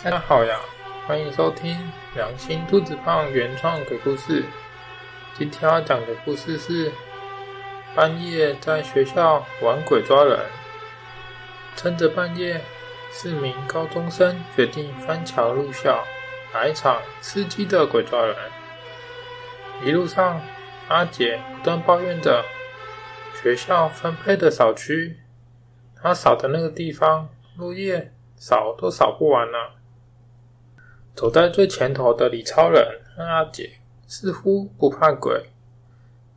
大家好呀，歡迎收聽良心兔子胖原創鬼故事。今天要講的故事是半夜在學校玩鬼抓人。趁着半夜，四名高中生決定翻牆入校，來一場刺激的鬼抓人。一路上，阿杰不斷抱怨着學校分配的掃區，他掃的那個地方，落葉掃都掃不完了。走在最前頭的李超人和阿杰似乎不怕鬼，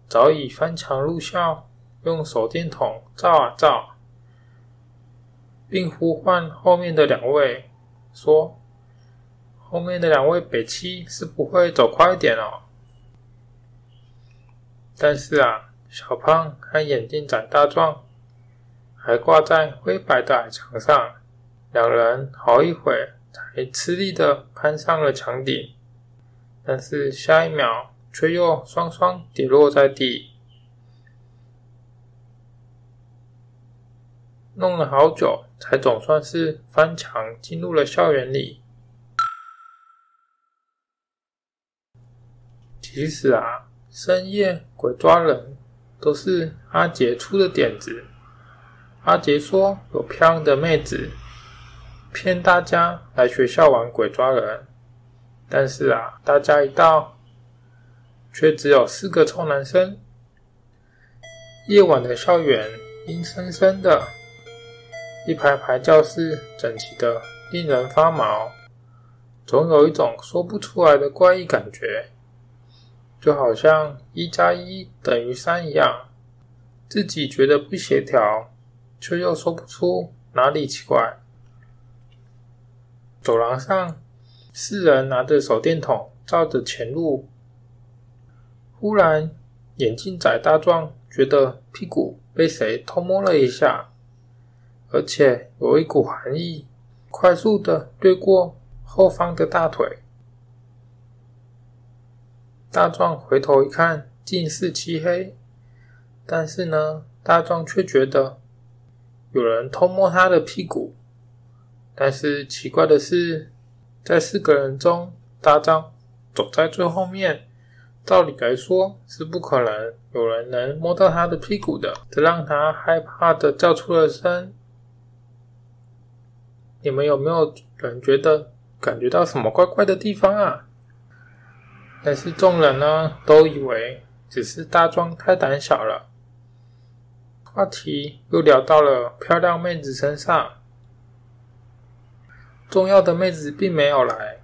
早已翻牆入校，用手電筒照啊照，並呼喚後面的兩位說：“後面的兩位北七是不會走快一點哦。”但是啊，小胖和眼鏡仔大壯還掛在灰白的矮牆上，兩人好一會才吃力的攀上了牆頂，但是下一秒卻又雙雙跌落在地。弄了好久，才總算是翻牆進入了校園裡。其實啊，深夜鬼抓人都是阿杰出的點子。阿杰說有漂亮的妹子。騙大家來學校玩鬼抓人，但是啊，大家一到，卻只有四個臭男生。夜晚的校園陰森森的，一排排教室整齊的令人發毛，總有一種說不出來的怪異感覺，就好像一加一等於三一樣，自己覺得不協調，卻又說不出哪裡奇怪。走廊上，四人拿着手電筒照着前路。忽然，眼鏡仔大壯覺得屁股被誰偷摸了一下，而且有一股寒意，快速的掠過後方的大腿。大壯回頭一看，盡是漆黑，但是呢，大壯卻覺得有人偷摸他的屁股。但是奇怪的是，在四個人中，大壯走在最後面，照理來說是不可能有人能摸到他的屁股的，這讓他害怕的叫出了聲。你們有沒有人覺得感覺到什麼怪怪的地方啊？但是眾人呢，都以為只是大壯太膽小了。話題又聊到了漂亮妹子身上。重要的妹子並沒有來，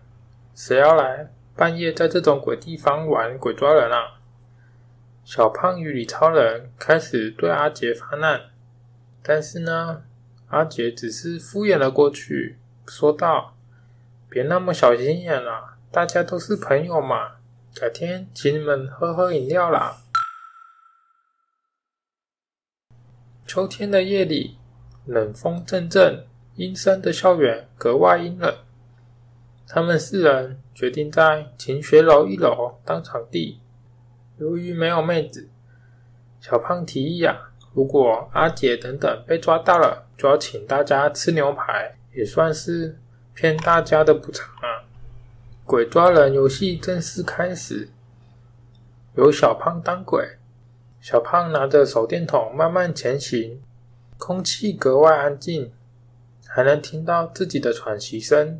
誰要來？半夜在這種鬼地方玩，鬼抓人啊！小胖與李超人開始對阿杰發難，但是呢，阿杰只是敷衍了過去，說道：“別那麼小心眼了啊，大家都是朋友嘛，改天請你們喝喝飲料啦。”秋天的夜裡，冷風陣陣。陰森的校園格外陰冷。他們四人決定在勤學樓一樓當場地。由於沒有妹子，小胖提議啊，如果阿杰等等被抓到了，就要請大家吃牛排，也算是騙大家的補償啊。鬼抓人遊戲正式開始。由小胖當鬼。小胖拿着手電筒慢慢前行，空氣格外安靜。還能聽到自己的喘息聲，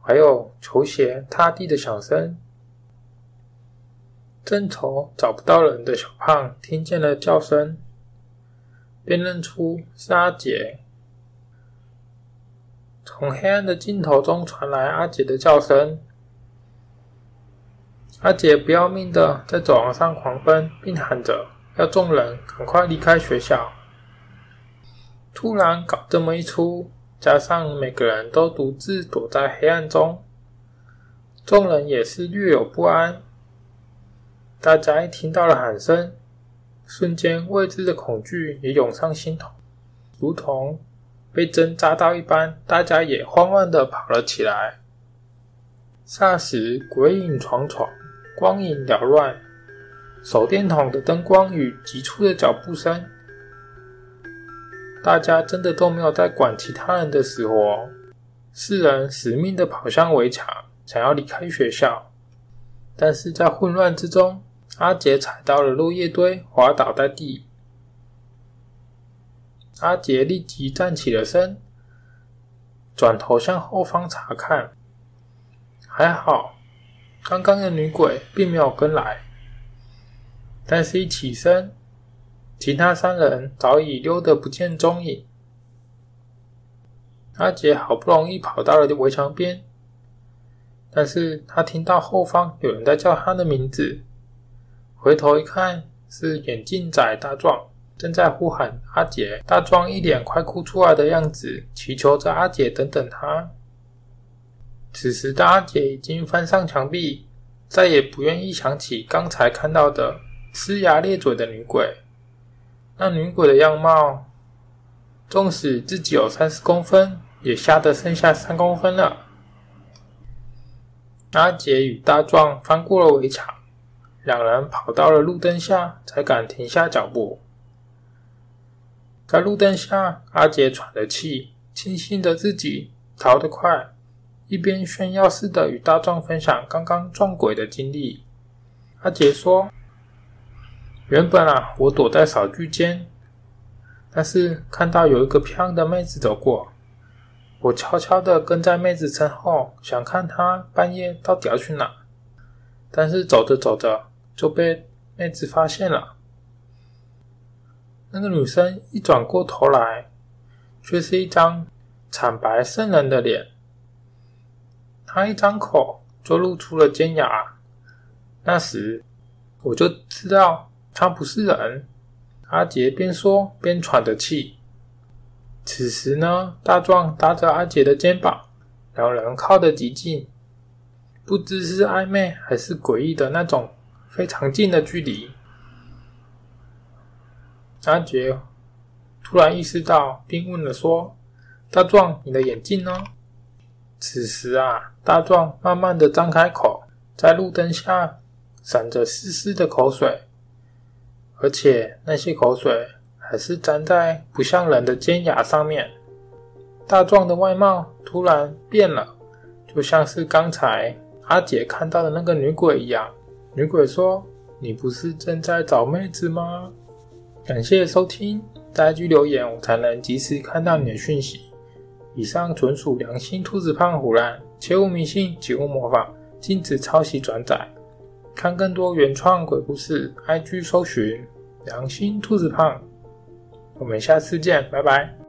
還有球鞋踏地的響聲。正愁找不到人的小胖聽見了叫聲，便認出是阿姐。從黑暗的盡頭中傳來阿姐的叫聲，阿姐不要命的在走廊上狂奔，並喊着要眾人趕快離開學校。突然搞這麼一出，加上每個人都獨自躲在黑暗中，眾人也是略有不安。大家一聽到了喊聲，瞬間未知的恐懼也湧上心頭，如同被針扎到一般，大家也慌亂的跑了起來。霎時鬼影幢幢，光影繚亂，手電筒的燈光與急促的腳步聲。大家真的都沒有在管其他人的死活，四人死命的跑向圍牆，想要離開學校。但是在混亂之中，阿杰踩到了落葉堆，滑倒在地。阿杰立即站起了身，轉頭向後方查看。還好，剛剛的女鬼並沒有跟來。但是一起身，其他三人早已溜得不見蹤影。阿杰好不容易跑到了圍牆邊，但是他聽到後方有人在叫他的名字。回頭一看，是眼鏡仔大壯正在呼喊阿杰。大壯一臉快哭出來的樣子，祈求着阿杰等等他。此時的阿杰已經翻上牆壁，再也不願意想起剛才看到的齜牙咧嘴的女鬼。那女鬼的樣貌，縱使自己有三十公分，也嚇得剩下三公分了。阿杰與大壯翻過了圍牆，兩人跑到了路燈下，才敢停下腳步。在路燈下，阿杰喘着氣，慶幸着自己逃得快，一邊炫耀似的與大壯分享剛剛撞鬼的經歷。阿杰說。原本啊，我躲在掃具間，但是看到有一個漂亮的妹子走過，我悄悄地跟在妹子身後，想看她半夜到底要去哪。但是走着走着就被妹子發現了。那個女生一轉過頭來，卻是一張慘白瘮人的臉。她一張口就露出了尖牙。那時我就知道。他不是人，阿杰邊說邊喘着氣。此時呢，大壯搭着阿杰的肩膀，兩人靠得極近，不知是曖昧還是詭異的那種非常近的距離。阿杰突然意識到，並問了說：“大壯，你的眼鏡呢？”此時啊，大壯慢慢的張開口，在路燈下閃着絲絲的口水。而且那些口水還是粘在不像人的尖牙上面，大壯的外貌突然變了，就像是剛才阿姐看到的那個女鬼一樣。女鬼說：“你不是正在找妹子嗎？”感謝收聽，在 IG 留言我才能及時看到你的訊息。以上純屬良心，兔子胖胡謅，切勿迷信，切勿模仿，禁止抄襲轉載。看更多原創鬼故事，IG 搜尋，搜尋良心兔子胖。我們下次見，拜拜。